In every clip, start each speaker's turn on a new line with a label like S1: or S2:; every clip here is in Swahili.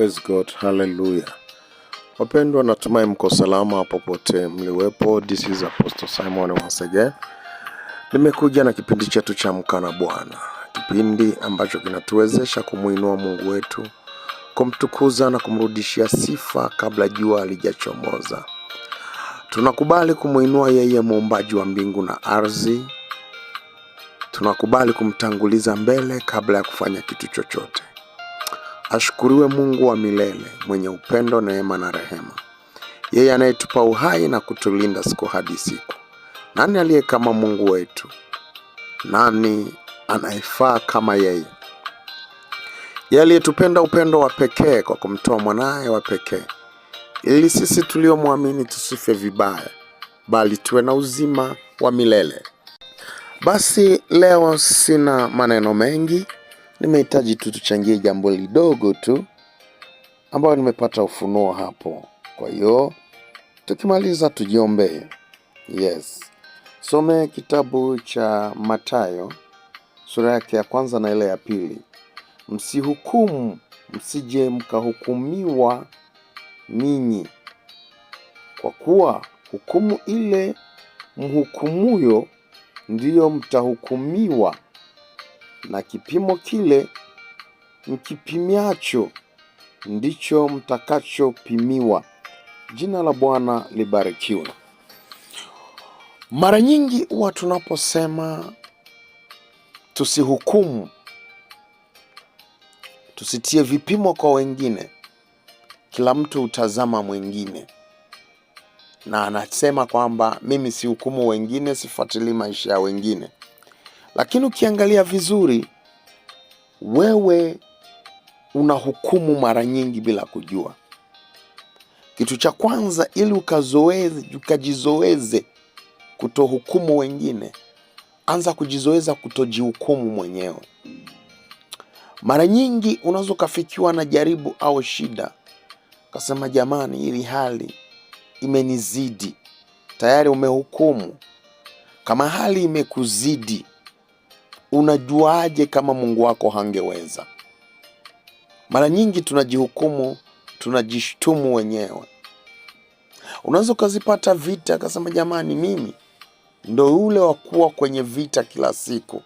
S1: Praise God, haleluya. Wapendwa, natumai mko salama popote mliwepo. This is Apostle Simon once again. Nimekuja na kipindi chetu cha mkana Bwana, kipindi ambacho kinatuwezesha kumwinua Mungu wetu, kumtukuza na kumrudishia sifa kabla jua halijachomoza. Tunakubali kumwinua yeye, muumbaji wa mbingu na ardhi. Tunakubali kumtanguliza mbele kabla ya kufanya kitu chochote. Ashukuriwe Mungu wa milele mwenye upendo, neema na rehema, yeye anayetupa uhai na kutulinda siku hadi siku. Nani aliye kama Mungu wetu? Nani anayefaa kama yeye? Yeye aliyetupenda upendo wa pekee kwa kumtoa mwanaye wa pekee, ili sisi tuliomwamini tusife vibaya, bali tuwe na uzima wa milele. Basi leo sina maneno mengi. Nimehitaji tu tuchangie jambo lidogo tu ambayo nimepata ufunuo hapo. Kwa hiyo tukimaliza tujiombee. Yes, some kitabu cha Mathayo sura yake ya kwanza na ile ya pili. Msihukumu, msije mkahukumiwa ninyi, kwa kuwa hukumu ile mhukumuyo ndiyo mtahukumiwa na kipimo kile mkipimiacho ndicho mtakachopimiwa. Jina la Bwana libarikiwe. Mara nyingi huwa tunaposema tusihukumu, tusitie vipimo kwa wengine, kila mtu hutazama mwingine na anasema kwamba mimi sihukumu wengine, sifuatilii maisha ya wengine. Lakini ukiangalia vizuri, wewe unahukumu mara nyingi bila kujua. Kitu cha kwanza, ili ukazoeze, ukajizoeze kutohukumu wengine, anza kujizoeza kutojihukumu mwenyewe. Mara nyingi unaweza ukafikiwa na jaribu au shida, ukasema jamani, hili hali imenizidi. Tayari umehukumu. Kama hali imekuzidi, unajuaje kama Mungu wako hangeweza? Mara nyingi tunajihukumu, tunajishtumu wenyewe. Unaweza ukazipata vita, akasema jamani, mimi ndo yule wa kuwa kwenye vita kila siku,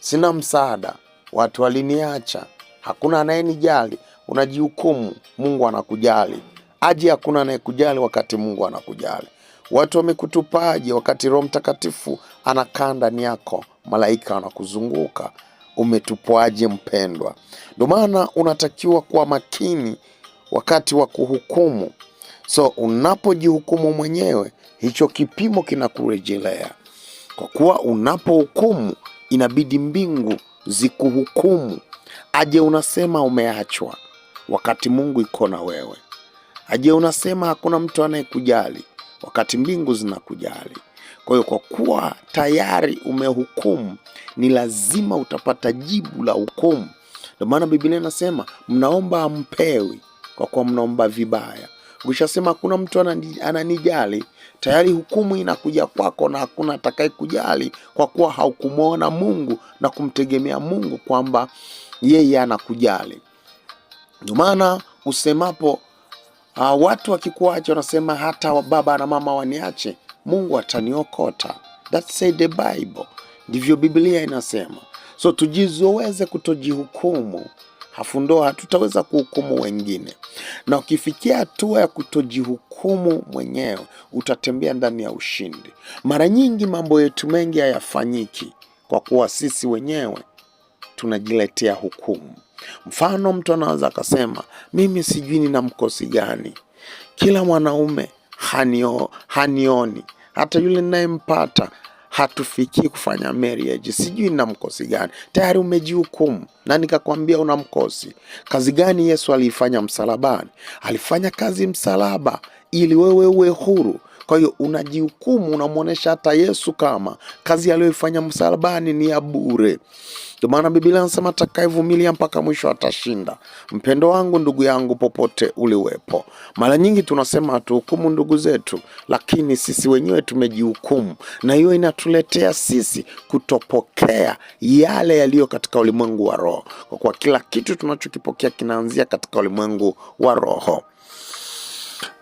S1: sina msaada, watu waliniacha, hakuna anayenijali. Unajihukumu, Mungu anakujali aje? Hakuna anayekujali wakati Mungu anakujali. Watu wamekutupaje wakati Roho Mtakatifu anakaa ndani yako? malaika wanakuzunguka, umetupwaje mpendwa? Ndio maana unatakiwa kuwa makini wakati wa kuhukumu. So unapojihukumu mwenyewe, hicho kipimo kinakurejelea, kwa kuwa unapohukumu inabidi mbingu zikuhukumu. Aje unasema umeachwa wakati Mungu iko na wewe? Aje unasema hakuna mtu anayekujali wakati mbingu zinakujali? Kwa hiyo kwa kuwa tayari umehukumu, ni lazima utapata jibu la hukumu. Ndio maana Biblia inasema mnaomba ampewi, kwa kuwa mnaomba vibaya. Ukishasema hakuna mtu ananijali, tayari hukumu inakuja kwako, na hakuna kujali, kwa kuwa haukumwona Mungu na kumtegemea Mungu kwamba yeye anakujali. Ndio maana usemapo uh, watu wakikuacha wanasema hata baba na mama waniache, Mungu ataniokota. That the Bible, ndivyo Biblia inasema. So tujizoeze kutojihukumu, hafundo hatutaweza kuhukumu wengine. Na ukifikia hatua ya kutojihukumu mwenyewe, utatembea ndani ya ushindi. Mara nyingi mambo yetu mengi hayafanyiki kwa kuwa sisi wenyewe tunajiletea hukumu. Mfano, mtu anaweza akasema mimi sijui nina mkosi gani, kila mwanaume hanio, hanioni hata yule ninayempata hatufikii kufanya marriage, sijui na mkosi gani tayari umejihukumu. Na nikakwambia una mkosi. Kazi gani Yesu aliifanya msalabani? Alifanya kazi msalaba ili wewe uwe huru, kwa hiyo unajihukumu, unamwonyesha hata Yesu kama kazi aliyoifanya msalabani ni ya bure. Ndio maana Biblia anasema atakayevumilia mpaka mwisho atashinda. Mpendo wangu, ndugu yangu, popote uliwepo, mara nyingi tunasema hatuhukumu ndugu zetu, lakini sisi wenyewe tumejihukumu, na hiyo inatuletea sisi kutopokea yale yaliyo katika ulimwengu wa roho, kwa kuwa kila kitu tunachokipokea kinaanzia katika ulimwengu wa roho.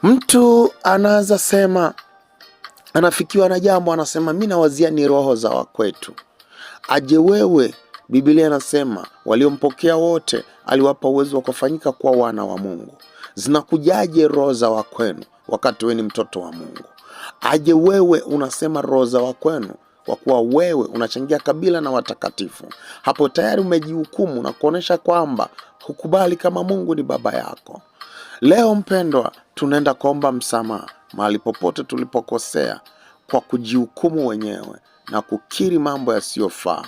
S1: Mtu anaanza sema, anafikiwa na jambo, anasema mi nawazia ni roho za wakwetu. Aje wewe, Biblia inasema waliompokea wote aliwapa uwezo wa kufanyika kuwa wana wa Mungu. Zinakujaje roho za wakwenu wakati wewe ni mtoto wa Mungu? Aje wewe unasema roho za wakwenu kwa kuwa wewe unachangia kabila na watakatifu. Hapo tayari umejihukumu na kuonyesha kwamba hukubali kama Mungu ni baba yako. Leo mpendwa, tunaenda kuomba msamaha mahali popote tulipokosea kwa kujihukumu wenyewe na kukiri mambo yasiyofaa.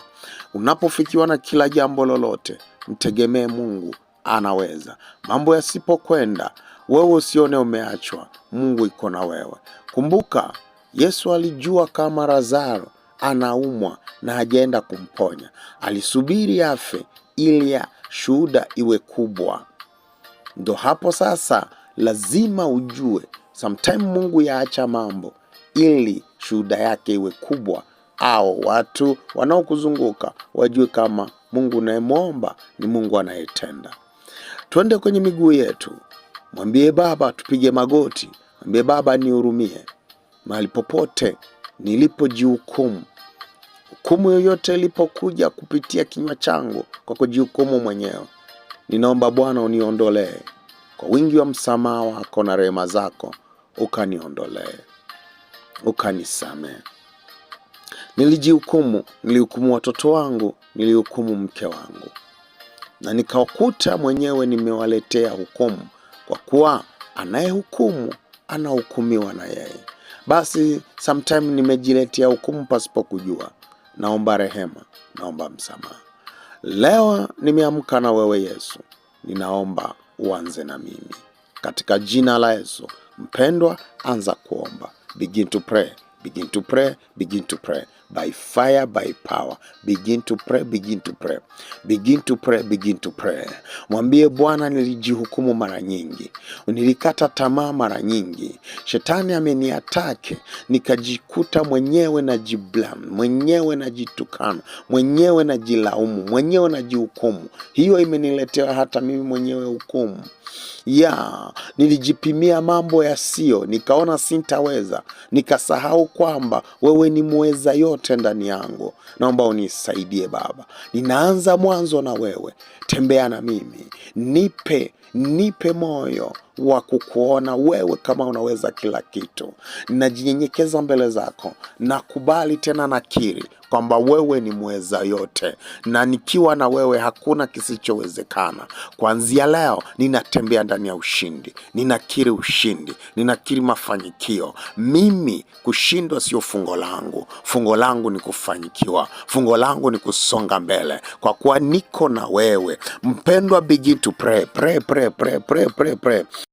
S1: Unapofikiwa na kila jambo lolote, mtegemee Mungu, anaweza. Mambo yasipokwenda, wewe usione umeachwa, Mungu iko na wewe. Kumbuka, Yesu alijua kama Lazaro anaumwa na hajaenda kumponya, alisubiri afe ili shuhuda iwe kubwa. Ndo hapo sasa lazima ujue sometime Mungu yaacha mambo ili shuhuda yake iwe kubwa, au watu wanaokuzunguka wajue kama Mungu unayemwomba ni Mungu anayetenda. Twende kwenye miguu yetu, mwambie Baba, tupige magoti, mwambie Baba nihurumie mahali popote nilipojihukumu hukumu yoyote ilipokuja kupitia kinywa changu kwa kujihukumu mwenyewe, ninaomba Bwana uniondolee kwa wingi wa msamaha wako na rehema zako, ukaniondolee ukanisamee. Nilijihukumu, nilihukumu watoto wangu, nilihukumu mke wangu, na nikakuta mwenyewe nimewaletea hukumu, kwa kuwa anayehukumu anahukumiwa na yeye. Basi sometime nimejiletea hukumu pasipokujua kujua naomba rehema, naomba msamaha. Leo nimeamka na wewe Yesu, ninaomba uanze na mimi katika jina la Yesu. Mpendwa, anza kuomba. Begin to pray, begin to pray, begin to pray by fire, by power. Begin to pray, begin to pray, begin to pray, begin to pray. Mwambie Bwana, nilijihukumu mara nyingi, nilikata tamaa mara nyingi, shetani ameniatake, nikajikuta mwenyewe na jiblam, mwenyewe jitukano mwenyewe na jilaumu mwenyewe najihukumu. Hiyo imeniletea hata mimi mwenyewe hukumu ya Nilijipimia mambo yasiyo, nikaona sintaweza, nikasahau kwamba wewe ni muweza yote yote ndani yangu, naomba unisaidie Baba. Ninaanza mwanzo na wewe, tembea na mimi, nipe nipe moyo wa kukuona wewe kama unaweza kila kitu. Najinyenyekeza mbele zako, nakubali tena nakiri kwamba wewe ni mweza yote, na nikiwa na wewe hakuna kisichowezekana. Kuanzia leo ninatembea ndani ya ushindi, ninakiri ushindi, ninakiri mafanikio. Mimi kushindwa sio fungo langu, fungo langu ni kufanyikiwa, fungo langu ni kusonga mbele, kwa kuwa niko na wewe mpendwa bigi to prayer. Pray, pray, pray, pray, pray, pray.